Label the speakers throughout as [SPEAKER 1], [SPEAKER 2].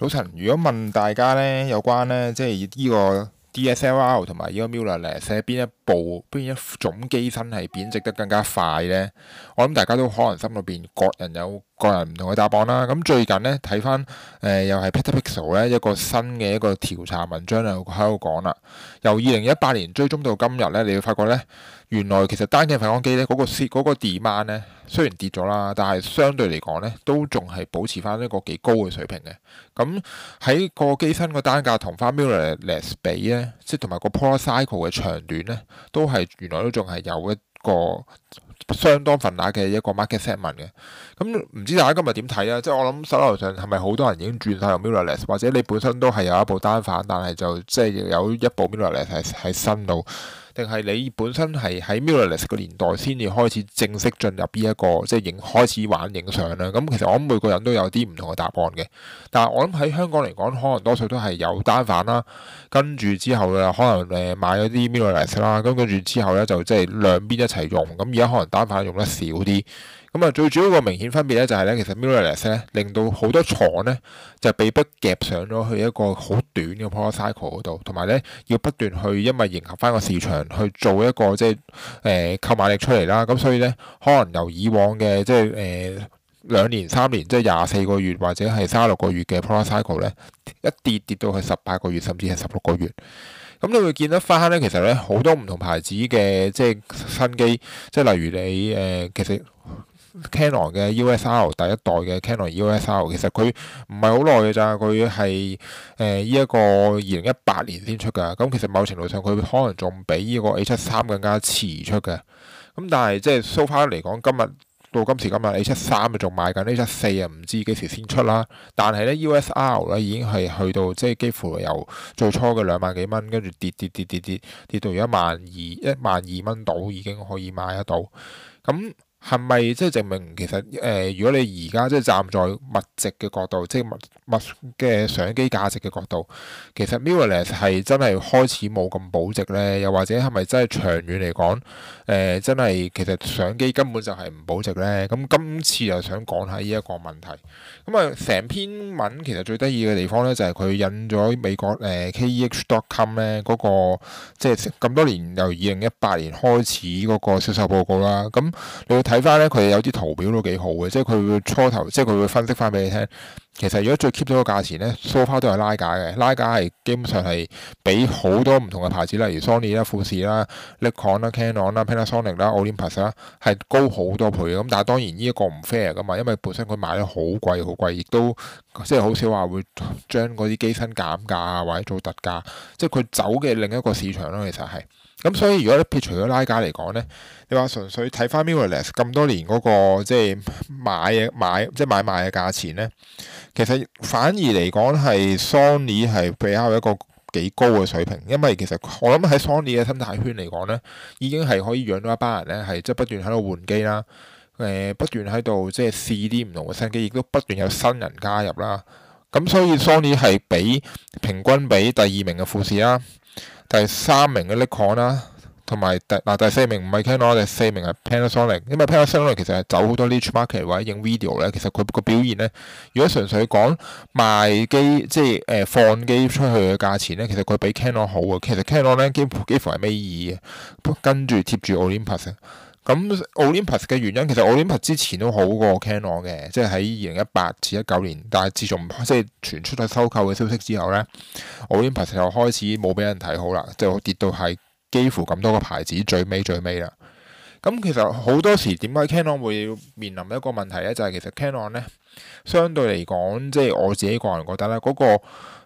[SPEAKER 1] 早晨，如果問大家咧，有關咧，即係呢個 DSLR 同埋呢個 Mirrorless 寫邊一邊一種機身係貶值得更加快呢？我諗大家都可能心裏邊各人有各人唔同嘅答案啦。咁最近呢，睇翻誒又係 PetaPixel 咧一個新嘅一個調查文章就喺度講啦。由二零一八年追蹤到今日呢，你會發覺呢，原來其實單鏡反光機呢嗰、那個嗰、那個 demand 咧雖然跌咗啦，但係相對嚟講呢，都仲係保持翻一個幾高嘅水平嘅。咁喺個機身個單價同翻 Mirrorless 比呢，即係同埋個 product cycle 嘅長短呢。都係原來都仲係有一個相當份額嘅一個 market segment 嘅，咁、嗯、唔知大家今日點睇啊？即係我諗手頭上係咪好多人已經轉晒用 mirrorless，或者你本身都係有一部單反，但係就即係、就是、有一部 mirrorless 係新路。定係你本身係喺 Mirrorless 個年代先至開始正式進入呢一個即係影開始玩影相咧，咁其實我諗每個人都有啲唔同嘅答案嘅。但係我諗喺香港嚟講，可能多數都係有單反啦，跟住之後咧可能誒買咗啲 Mirrorless 啦，咁跟住之後咧就即係兩邊一齊用。咁而家可能單反用得少啲。咁啊，最主要個明顯分別咧，就係咧，其實 Mirrorless 咧，令到好多廠咧，就被迫夾上咗去一個好短嘅 product cycle 嗰度，同埋咧，要不斷去因為迎合翻個市場去做一個即係誒、呃、購買力出嚟啦。咁所以咧，可能由以往嘅即係誒兩年三年，即係廿四個月或者係三十六個月嘅 product cycle 咧，一跌跌到去十八個月甚至係十六個月。咁你會見得翻咧，其實咧好多唔同牌子嘅即係新機，即係例如你誒、呃，其實。Canon 嘅 USR 第一代嘅 Canon USR 其實佢唔係好耐嘅咋，佢係誒依一個二零一八年先出㗎。咁、嗯、其實某程度上佢可能仲比呢個 A 七三更加遲出嘅。咁、嗯、但係即係 so far 嚟講，今日到今時今日，A 七三咪仲賣緊，A 七四啊唔知幾時先出啦。但係咧 USR 咧已經係去到即係、就是、幾乎由最初嘅兩萬幾蚊，跟住跌跌跌跌跌跌,跌到而家萬二一萬二蚊到已經可以買得到。咁、嗯係咪即係證明其實誒、呃，如果你而家即係站在物值嘅角度，即係物物嘅相機價值嘅角度，其實 mirrorless 係真係開始冇咁保值咧？又或者係咪真係長遠嚟講誒，真係其實相機根本就係唔保值咧？咁今次又想講下呢一個問題。咁啊，成篇文其實最得意嘅地方咧，就係、是、佢引咗美國誒、呃、Keh.com 咧嗰、那個即係咁多年由二零一八年開始嗰、那個銷售報告啦。咁你睇翻咧，佢有啲圖表都幾好嘅，即係佢會初頭，即係佢會分析翻俾你聽。其實如果最 keep 到個價錢咧，so far 都係 Leica 嘅，Leica 係基本上係比好多唔同嘅牌子，例如 Sony 啦、富士啦、Nikon 啦、Canon 啦、Panasonic 啦、Olympus 啦，係高好多倍嘅。咁但係當然呢一個唔 fair 噶嘛，因為本身佢賣得好貴好貴，亦都即係好少話會將嗰啲機身減價啊，或者做特價，即係佢走嘅另一個市場咯。其實係。咁所以如果你撇除咗拉架嚟講呢，你話純粹睇返 Mirrorless 咁多年嗰個即係買嘅買即係買賣嘅價錢呢，其實反而嚟講係 Sony 係比較一個幾高嘅水平，因為其實我諗喺 Sony 嘅生態圈嚟講呢，已經係可以養到一班人呢，係即係不斷喺度換機啦，誒不斷喺度即係試啲唔同嘅新機，亦都不斷有新人加入啦。咁所以 Sony 係比平均比第二名嘅富士啦。第三名嘅 Nikon 啦，同埋第嗱第四名唔係 Canon，第四名係 Panasonic。因為 Panasonic 其實係走好多 niche market 或者影 video 咧，其實佢個表現咧，如果純粹講賣機，即係誒、呃、放機出去嘅價錢咧，其實佢比 Canon 好啊。其實 Canon 咧，幾乎幾乎係尾二啊，跟住貼住 Olympus。咁 Olympus 嘅原因，其實 Olympus 之前都好過 Canon 嘅，即係喺二零一八至一九年，但係自從即係傳出咗收購嘅消息之後咧，Olympus 又開始冇俾人睇好啦，即係跌到係幾乎咁多個牌子最尾最尾啦。咁其實好多時點解 Canon 會面臨一個問題咧，就係其實 Canon 咧，相對嚟講，即係我自己個人覺得咧，嗰個。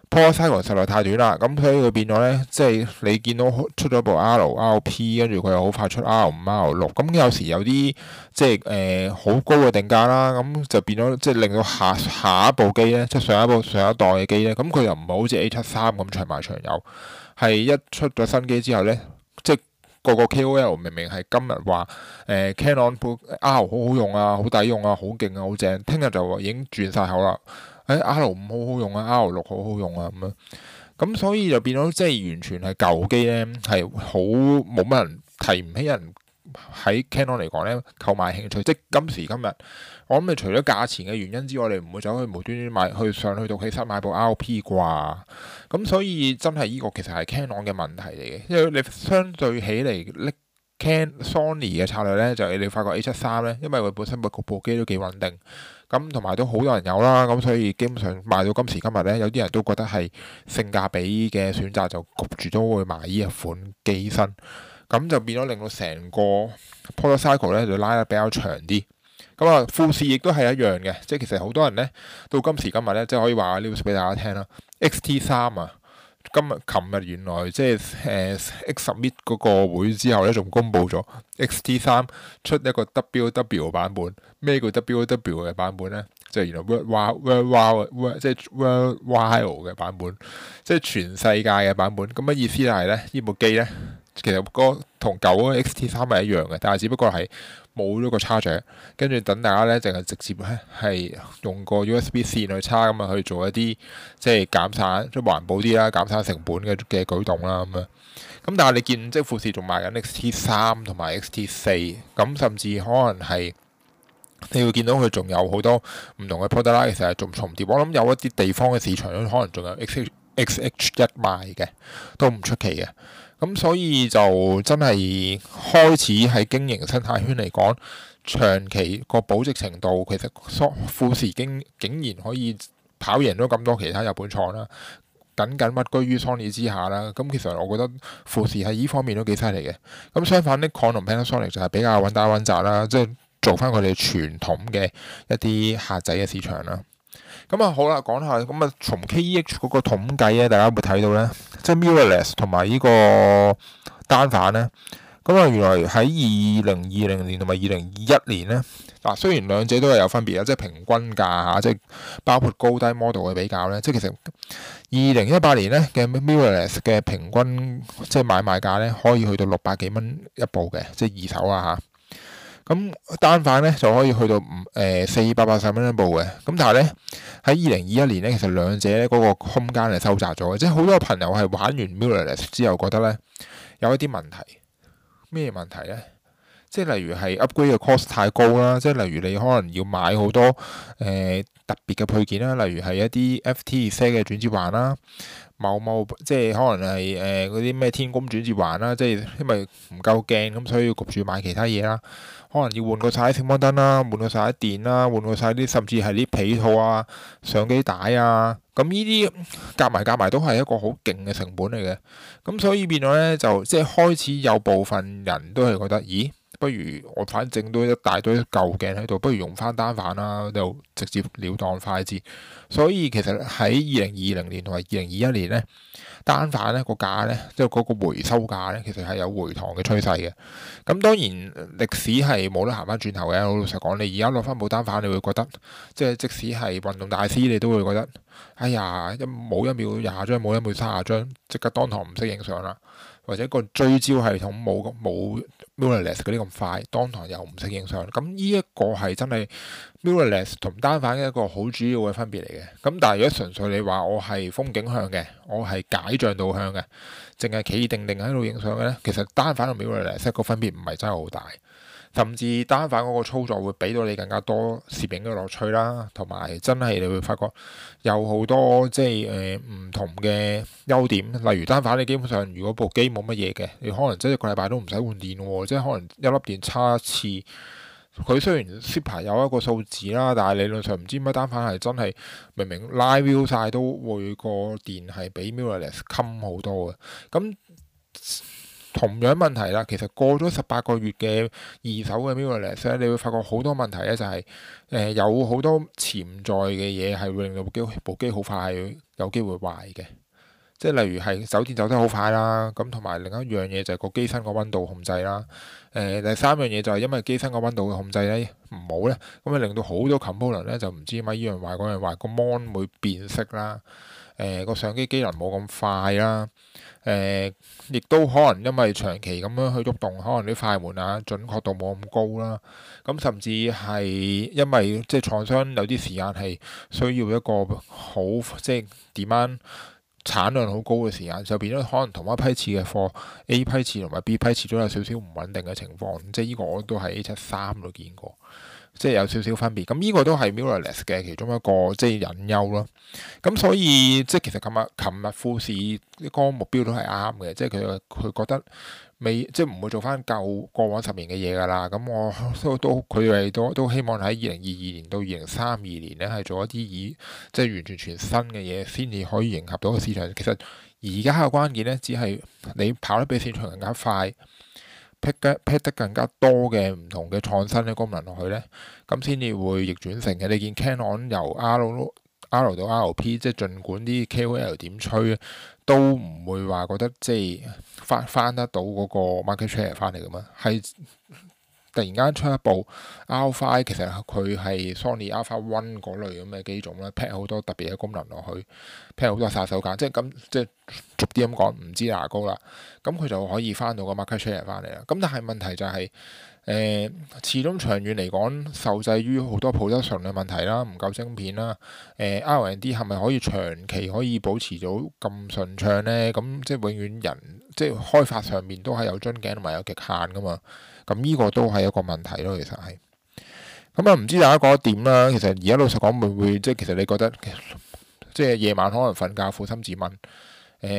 [SPEAKER 1] Product cycle 實在太短啦，咁所以佢變咗咧，即係你見到出咗部 R R P，跟住佢又好快出 R 五 R 六，咁有時有啲即係誒好高嘅定價啦，咁、嗯、就變咗即係令到下下一部機咧，即係上一部上一代嘅機咧，咁佢又唔係好似 A 七三咁長賣長有，係一出咗新機之後咧，即係個個 K O L 明明係今日話誒 Canon R 好好用啊，好抵用啊，好勁啊,啊，好正，聽日就已經轉晒口啦。喺、哎、R 五好好用啊，R 六好好用啊，咁、啊、樣咁所以就變咗即係完全係舊機咧，係好冇乜人提唔起人喺 Canon 嚟講咧購買興趣。即係今時今日，我諗你除咗價錢嘅原因之外，你唔會走去無端端買去上去到起室買，買部 RP 啩。咁所以真係依、這個其實係 Canon 嘅問題嚟嘅，因為你相對起嚟拎。Canon、Sony 嘅策略咧就係、你哋發覺 A 七三咧，因為佢本身部部機都幾穩定，咁同埋都好多人有啦，咁所以基本上賣到今時今日咧，有啲人都覺得係性價比嘅選擇，就焗住都會買呢一款機身，咁就變咗令到成個 product cycle 咧就拉得比較長啲。咁啊，富士亦都係一樣嘅，即係其實好多人咧到今時今日咧，即係可以話呢個事俾大家聽啦。X T 三啊！今日、琴日原來即係誒 X Summit 嗰個會之後咧，仲公布咗 XT 三出一個 WW 版本。咩叫 WW 嘅版本咧？就係、原來 World Wide World Wide 即係 World Wide 嘅版本，即係全世界嘅版本。咁嘅意思嚟咧？部機呢部機咧？其實個同舊嘅 X T 三係一樣嘅，但係只不過係冇咗個 charger，跟住等大家呢，淨係直接咧係用個 USB 線去插咁啊，去做一啲即係減產即係環保啲啦，減產成本嘅嘅舉動啦咁啊。咁但係你見即富士仲賣緊 X T 三同埋 X T 四，咁甚至可能係你會見到佢仲有好多唔同嘅 product line，其實仲重疊。我諗有一啲地方嘅市場咧，可能仲有 X h, X H 一賣嘅，都唔出奇嘅。咁所以就真係開始喺經營生態圈嚟講，長期個保值程度其實富士竟竟然可以跑贏咗咁多其他日本廠啦，僅僅屈居於 Sony 之下啦。咁其實我覺得富士喺依方面都幾犀利嘅。咁相反，Nikon Panasonic 就係比較穩打穩紮啦，即係做翻佢哋傳統嘅一啲客仔嘅市場啦。咁啊好啦，講下咁啊，從 KEH 嗰個統計咧，大家會睇到咧。即係 mirrorless 同埋呢個單反咧，咁啊原來喺二零二零年同埋二零二一年咧，嗱雖然兩者都係有分別啊，即係平均價啊，即係包括高低 model 嘅比較咧，即係其實二零一八年咧嘅 mirrorless 嘅平均即係買賣價咧，可以去到六百幾蚊一部嘅，即係二手啊嚇。咁單反咧就可以去到五誒四百八十蚊一部嘅，咁、呃、但係咧喺二零二一年咧，其實兩者咧嗰個空間係收窄咗嘅，即係好多朋友係玩完 Mirrorless 之後覺得咧有一啲問題，咩問題咧？即係例如係 upgrade 嘅 cost 太高啦，即係例如你可能要買好多誒、呃、特別嘅配件啦，例如係一啲 FTZ 嘅轉接環啦。某某，即係可能係誒嗰啲咩天工轉接環啦，即係因為唔夠鏡咁，所以要焗住買其他嘢啦。可能要換過晒閃光燈啦，換過晒電啦，換過晒啲甚至係啲被套啊、相機帶啊。咁呢啲夾埋夾埋都係一個好勁嘅成本嚟嘅。咁、嗯、所以變咗咧，就即係開始有部分人都係覺得，咦？不如我反正都一大堆舊鏡喺度，不如用翻單反啦，就直接了當、快捷。所以其實喺二零二零年同埋二零二一年呢，單反呢個價呢，即係嗰個回收價呢，其實係有回堂嘅趨勢嘅。咁當然歷史係冇得行翻轉頭嘅。老實講，你而家攞翻冇單反，你會覺得即係即使係運動大師，你都會覺得哎呀，一冇一秒廿張，冇一秒卅張，即刻當堂唔識影相啦。或者個追焦系統冇冇 mirrorless 嗰啲咁快，當堂又唔識影相。咁呢一個係真係 mirrorless 同單反嘅一個好主要嘅分別嚟嘅。咁但係如果純粹你話我係風景向嘅，我係解像度向嘅，淨係企定定喺度影相嘅咧，其實單反同 mirrorless 個分別唔係真係好大。甚至單反嗰個操作會俾到你更加多攝影嘅樂趣啦，同埋真係你會發覺有好多即係誒唔同嘅優點，例如單反你基本上如果部機冇乜嘢嘅，你可能即係一個禮拜都唔使換電喎，即係可能一粒電差一次。佢雖然 super 有一個數字啦，但係理論上唔知乜單反係真係明明拉 view 曬都會個電係比 mirrorless 襟好多嘅，咁。同樣問題啦，其實過咗十八個月嘅二手嘅 Mirrorless 你會發覺好多問題咧、就是，就係誒有好多潛在嘅嘢係會令到機部機部機好快係有機會壞嘅。即係例如係手電走得好快啦，咁同埋另一樣嘢就係個機身個溫度控制啦。誒、呃，第三樣嘢就係因為機身個溫度嘅控制咧唔好咧，咁啊令到好多 component 咧就唔知點解依樣壞嗰樣壞，個 mon 會變色啦。呃誒個相機機能冇咁快啦，誒亦都可能因為長期咁樣去喐動，可能啲快門啊準確度冇咁高啦，咁、嗯、甚至係因為即係廠商有啲時間係需要一個好即係點樣產量好高嘅時間，就變咗可能同一批次嘅貨 A 批次同埋 B 批次都有少少唔穩定嘅情況，即係呢個我都喺 A 七三度見過。即係有少少分別，咁、嗯、呢、這個都係 mirrorless 嘅其中一個即係隱憂咯。咁、嗯、所以即係其實琴日、琴日富士呢個目標都係啱嘅，即係佢佢覺得未即係唔會做返舊過往十年嘅嘢㗎啦。咁、嗯、我都都佢哋都都希望喺二零二二年到二零三二年呢，係做一啲以即係完全全新嘅嘢，先至可以迎合到個市場。其實而家嘅關鍵呢，只係你跑得比市場更加快。撇得撇得更加多嘅唔同嘅創新嘅功能落去咧，咁先至會逆轉成嘅。你見 Canon 由 R 到 R 到 RP，即係儘管啲 KOL 點吹，都唔會話覺得即係翻翻得到嗰個 market share 翻嚟嘅嘛？係。突然間出一部 Alpha 1，其實佢係 Sony Alpha One 嗰類咁嘅機種啦，配好多特別嘅功能落去，配好多殺手鐧，即係咁，即係逐啲咁講，唔知牙膏啦，咁、嗯、佢就可以翻到個 market share 翻嚟啦。咁但係問題就係、是。誒、呃、始終長遠嚟講，受制於好多鋪質上嘅問題啦，唔夠芯片啦。呃、R&D 係咪可以長期可以保持到咁順暢呢？咁、嗯、即係永遠人即係開發上面都係有樽頸同埋有極限噶嘛。咁、嗯、呢、這個都係一個問題咯。其實係咁啊，唔知大家覺得點啦？其實而、嗯、家講實老實講會唔會即係其實你覺得即係夜晚可能瞓覺撫心自問。誒、呃、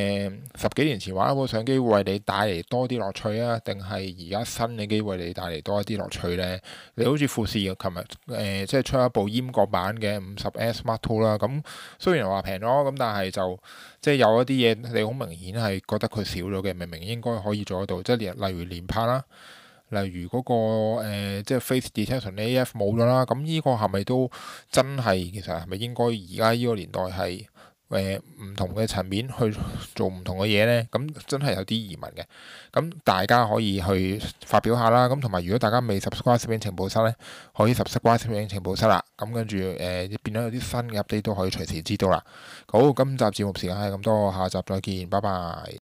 [SPEAKER 1] 十幾年前玩一部相機會為你帶嚟多啲樂趣啊，定係而家新嘅機為你帶嚟多一啲樂趣，趣呢？你好似富士琴日誒即係出一部閹割版嘅五十 S Mark Two 啦、啊。咁、嗯、雖然話平咯，咁、嗯、但係就即係有一啲嘢你好明顯係覺得佢少咗嘅，明明應該可以做得到，即係例如連拍啦，例如嗰、那個、呃、即係 Face Detection AF 冇咗啦。咁、啊、呢、嗯這個係咪都真係其實係咪應該而家呢個年代係？誒，唔、呃、同嘅層面去做唔同嘅嘢咧，咁、嗯、真係有啲疑問嘅。咁、嗯、大家可以去發表下啦。咁同埋如果大家未 subscribe 攝影情報室咧，可以 subscribe 攝影情報室啦。咁、嗯、跟住誒、呃，變咗有啲新嘅 update 都可以隨時知道啦。好，今集節目時間係咁多，下集再見，拜拜。